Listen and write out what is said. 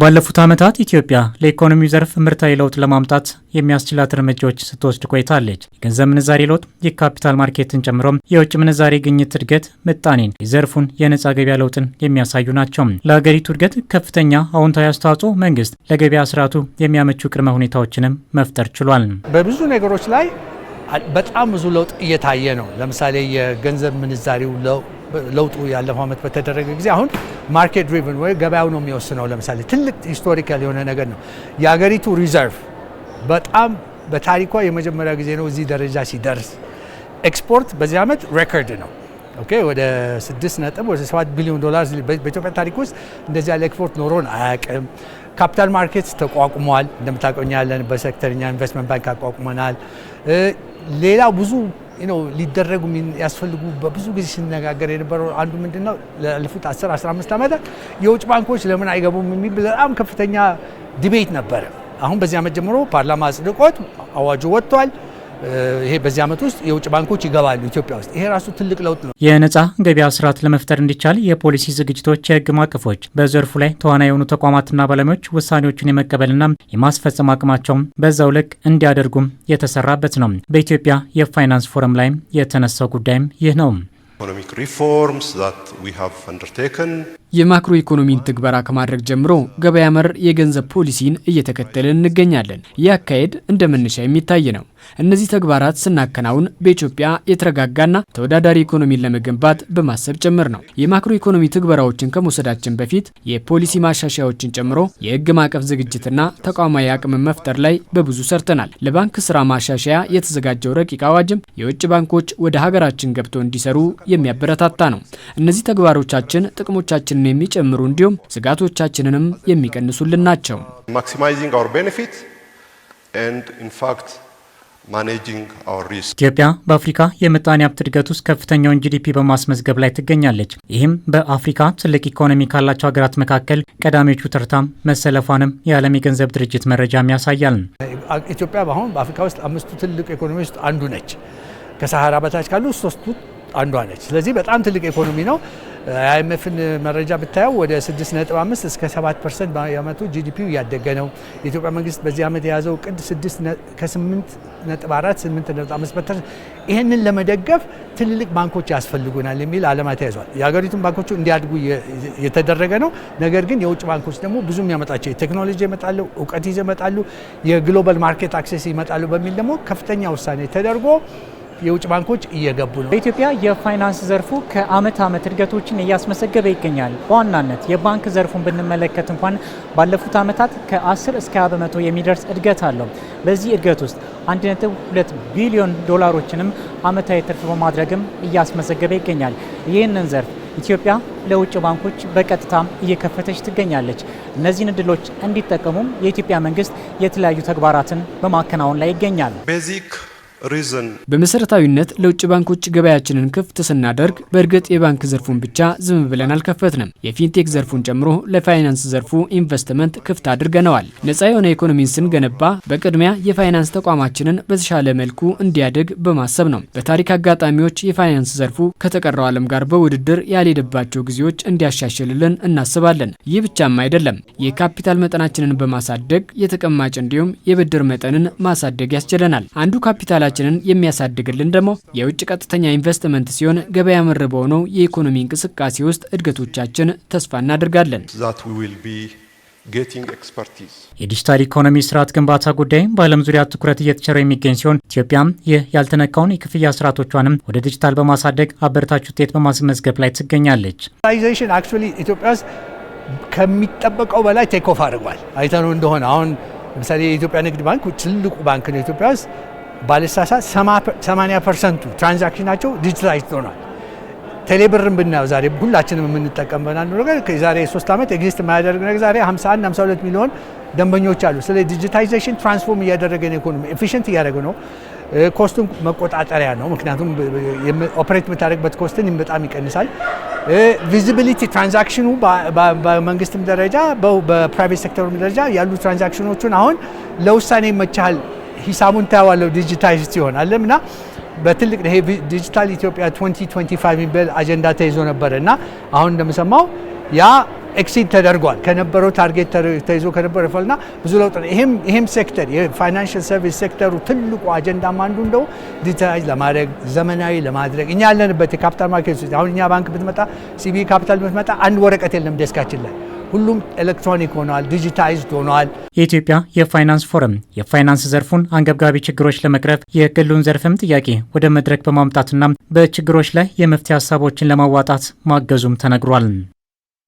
ባለፉት ዓመታት ኢትዮጵያ ለኢኮኖሚው ዘርፍ ምርታዊ ለውጥ ለማምጣት የሚያስችላት እርምጃዎች ስትወስድ ቆይታለች። የገንዘብ ምንዛሬ ለውጥ፣ የካፒታል ማርኬትን ጨምሮም የውጭ ምንዛሬ ግኝት እድገት ምጣኔን፣ የዘርፉን የነፃ ገበያ ለውጥን የሚያሳዩ ናቸው። ለሀገሪቱ እድገት ከፍተኛ አዎንታዊ አስተዋጽኦ መንግስት ለገበያ ስርዓቱ የሚያመቹ ቅድመ ሁኔታዎችንም መፍጠር ችሏል። በብዙ ነገሮች ላይ በጣም ብዙ ለውጥ እየታየ ነው። ለምሳሌ የገንዘብ ምንዛሬው ለውጥ ለውጡ ያለፈው ዓመት በተደረገ ጊዜ አሁን ማርኬት ድሪቨን ወይ ገበያው ነው የሚወስነው። ለምሳሌ ትልቅ ሂስቶሪካል የሆነ ነገር ነው የሀገሪቱ ሪዘርቭ በጣም በታሪኳ የመጀመሪያ ጊዜ ነው እዚህ ደረጃ ሲደርስ። ኤክስፖርት በዚህ ዓመት ሬከርድ ነው። ኦኬ ወደ 6 ነጥብ ወደ 7 ቢሊዮን ዶላር በኢትዮጵያ ታሪክ ውስጥ እንደዚህ ያለ ኤክስፖርት ኖሮን አያውቅም። ካፒታል ማርኬት ተቋቁሟል። እንደምታውቀው እኛ ያለንበት ሴክተር እኛ ኢንቨስትመንት ባንክ አቋቁመናል። ሌላ ብዙ ሊደረጉ ያስፈልጉ በብዙ ጊዜ ሲነጋገር የነበረው አንዱ ምንድነው ላለፉት 10 15 ዓመታት የውጭ ባንኮች ለምን አይገቡም የሚል በጣም ከፍተኛ ዲቤት ነበረ። አሁን በዚህ ዓመት ጀምሮ ፓርላማ አጽድቆት አዋጁ ወጥቷል። ይሄ በዚህ ዓመት ውስጥ የውጭ ባንኮች ይገባሉ ኢትዮጵያ ውስጥ። ይሄ ራሱ ትልቅ ለውጥ ነው። የነጻ ገበያ ስርዓት ለመፍጠር እንዲቻል የፖሊሲ ዝግጅቶች፣ የህግ ማዕቀፎች፣ በዘርፉ ላይ ተዋና የሆኑ ተቋማትና ባለሙያዎች ውሳኔዎችን የመቀበልና የማስፈጸም አቅማቸውን በዛው ልክ እንዲያደርጉም የተሰራበት ነው። በኢትዮጵያ የፋይናንስ ፎረም ላይም የተነሳው ጉዳይም ይህ ነው። ኢኮኖሚክ ሪፎርምስ ዛት የማክሮ ኢኮኖሚን ትግበራ ከማድረግ ጀምሮ ገበያ መር የገንዘብ ፖሊሲን እየተከተልን እንገኛለን። ይህ አካሄድ እንደ መነሻ የሚታይ ነው። እነዚህ ተግባራት ስናከናውን በኢትዮጵያ የተረጋጋና ተወዳዳሪ ኢኮኖሚን ለመገንባት በማሰብ ጭምር ነው። የማክሮ ኢኮኖሚ ትግበራዎችን ከመውሰዳችን በፊት የፖሊሲ ማሻሻያዎችን ጨምሮ የህግ ማዕቀፍ ዝግጅትና ተቋማዊ አቅምን መፍጠር ላይ በብዙ ሰርተናል። ለባንክ ስራ ማሻሻያ የተዘጋጀው ረቂቅ አዋጅም የውጭ ባንኮች ወደ ሀገራችን ገብቶ እንዲሰሩ የሚያበረታታ ነው። እነዚህ ተግባሮቻችን ጥቅሞቻችን ጥቅማችንን የሚጨምሩ እንዲሁም ስጋቶቻችንንም የሚቀንሱልን ናቸው። ማክሲማይዚንግ አወር ቤኔፊት ኤንድ ኢንፋክት ኢትዮጵያ በአፍሪካ የምጣኔ ሀብት እድገት ውስጥ ከፍተኛውን ጂዲፒ በማስመዝገብ ላይ ትገኛለች። ይህም በአፍሪካ ትልቅ ኢኮኖሚ ካላቸው ሀገራት መካከል ቀዳሚዎቹ ተርታም መሰለፏንም የዓለም የገንዘብ ድርጅት መረጃም ያሳያል። ኢትዮጵያ በአሁን በአፍሪካ ውስጥ አምስቱ ትልቅ ኢኮኖሚ ውስጥ አንዱ ነች። ከሰሃራ በታች ካሉ ሶስቱ አንዷ ነች። ስለዚህ በጣም ትልቅ ኢኮኖሚ ነው። አይኤምኤፍን መረጃ ብታየው ወደ 6.5 እስከ 7 ፐርሰንት በአመቱ ጂዲፒው እያደገ ነው። የኢትዮጵያ መንግስት በዚህ ዓመት የያዘው ቅድ ከ8.4 8.5 ፐርሰንት ይህንን ለመደገፍ ትልልቅ ባንኮች ያስፈልጉናል የሚል ዓላማ ተያይዟል። የሀገሪቱን ባንኮቹ እንዲያድጉ የተደረገ ነው። ነገር ግን የውጭ ባንኮች ደግሞ ብዙ የሚያመጣቸው የቴክኖሎጂ ይመጣሉ፣ እውቀት ይዘው ይመጣሉ፣ የግሎባል ማርኬት አክሴስ ይመጣሉ በሚል ደግሞ ከፍተኛ ውሳኔ ተደርጎ የውጭ ባንኮች እየገቡ ነው። በኢትዮጵያ የፋይናንስ ዘርፉ ከአመት አመት እድገቶችን እያስመዘገበ ይገኛል። በዋናነት የባንክ ዘርፉን ብንመለከት እንኳን ባለፉት አመታት ከ10 እስከ 20 በመቶ የሚደርስ እድገት አለው። በዚህ እድገት ውስጥ 1.2 ቢሊዮን ዶላሮችንም አመታዊ ትርፍ በማድረግም እያስመዘገበ ይገኛል። ይህንን ዘርፍ ኢትዮጵያ ለውጭ ባንኮች በቀጥታም እየከፈተች ትገኛለች። እነዚህን እድሎች እንዲጠቀሙም የኢትዮጵያ መንግስት የተለያዩ ተግባራትን በማከናወን ላይ ይገኛል። ቤዚክ በመሰረታዊነት ለውጭ ባንኮች ገበያችንን ክፍት ስናደርግ በእርግጥ የባንክ ዘርፉን ብቻ ዝም ብለን አልከፈትንም። የፊንቴክ ዘርፉን ጨምሮ ለፋይናንስ ዘርፉ ኢንቨስትመንት ክፍት አድርገነዋል። ነጻ የሆነ ኢኮኖሚን ስንገነባ በቅድሚያ የፋይናንስ ተቋማችንን በተሻለ መልኩ እንዲያደግ በማሰብ ነው። በታሪክ አጋጣሚዎች የፋይናንስ ዘርፉ ከተቀረው ዓለም ጋር በውድድር ያልሄደባቸው ጊዜዎች እንዲያሻሽልልን እናስባለን። ይህ ብቻም አይደለም። የካፒታል መጠናችንን በማሳደግ የተቀማጭ እንዲሁም የብድር መጠንን ማሳደግ ያስችለናል። አንዱ ካፒታላ ሀገራችንን የሚያሳድግልን ደግሞ የውጭ ቀጥተኛ ኢንቨስትመንት ሲሆን ገበያ መር በሆነው የኢኮኖሚ እንቅስቃሴ ውስጥ እድገቶቻችን ተስፋ እናደርጋለን። የዲጂታል ኢኮኖሚ ስርዓት ግንባታ ጉዳይም በዓለም ዙሪያ ትኩረት እየተቸረ የሚገኝ ሲሆን ኢትዮጵያም ይህ ያልተነካውን የክፍያ ስርዓቶቿንም ወደ ዲጂታል በማሳደግ አበረታች ውጤት በማስመዝገብ ላይ ትገኛለች። ኢትዮጵያ ውስጥ ከሚጠበቀው በላይ ቴክ ኦፍ አድርጓል። አይተነው እንደሆነ አሁን ለምሳሌ የኢትዮጵያ ንግድ ባንክ ትልቁ ባንክ ነው ኢትዮጵያ ውስጥ ባለሳሳት 80 ፐርሰንቱ ትራንዛክሽናቸው ዲጂታላይዝ ሆኗል። ቴሌብርን ብናየው ዛሬ ሁላችንም የምንጠቀምበት አንዱ ነገር ዛሬ ሶስት ዓመት ኤግዚስት የማያደርግ ነገር ዛሬ 51 52 ሚሊዮን ደንበኞች አሉ። ስለ ዲጂታይዜሽን ትራንስፎርም እያደረገ ነው። ኢኮኖሚ ኤፊሽንት እያደረገ ነው። ኮስቱን መቆጣጠሪያ ነው። ምክንያቱም ኦፕሬት የምታደርግበት ኮስትን በጣም ይቀንሳል። ቪዚቢሊቲ ትራንዛክሽኑ በመንግስትም ደረጃ በፕራይቬት ሴክተሩም ደረጃ ያሉ ትራንዛክሽኖቹን አሁን ለውሳኔ መቻል ሂሳቡን ታያዋለው ዲጂታይዝ ሲሆን አለም እና በትልቅ ይሄ ዲጂታል ኢትዮጵያ 2025 የሚባል አጀንዳ ተይዞ ነበረ እና አሁን እንደምሰማው ያ ኤክሲድ ተደርጓል ከነበረው ታርጌት ተይዞ ከነበረ ፈልና ብዙ ለውጥ ነው። ይህም ሴክተር የፋይናንሽል ሰርቪስ ሴክተሩ ትልቁ አጀንዳም አንዱ እንደው ዲጂታይዝ ለማድረግ ዘመናዊ ለማድረግ እኛ ያለንበት የካፒታል ማርኬት አሁን እኛ ባንክ ብትመጣ ሲቢ ካፒታል ብትመጣ አንድ ወረቀት የለም ዴስካችን ላይ ሁሉም ኤሌክትሮኒክ ሆኗል፣ ዲጂታይዝድ ሆኗል። የኢትዮጵያ የፋይናንስ ፎረም የፋይናንስ ዘርፉን አንገብጋቢ ችግሮች ለመቅረፍ የግሉን ዘርፍም ጥያቄ ወደ መድረክ በማምጣትና በችግሮች ላይ የመፍትሄ ሀሳቦችን ለማዋጣት ማገዙም ተነግሯል።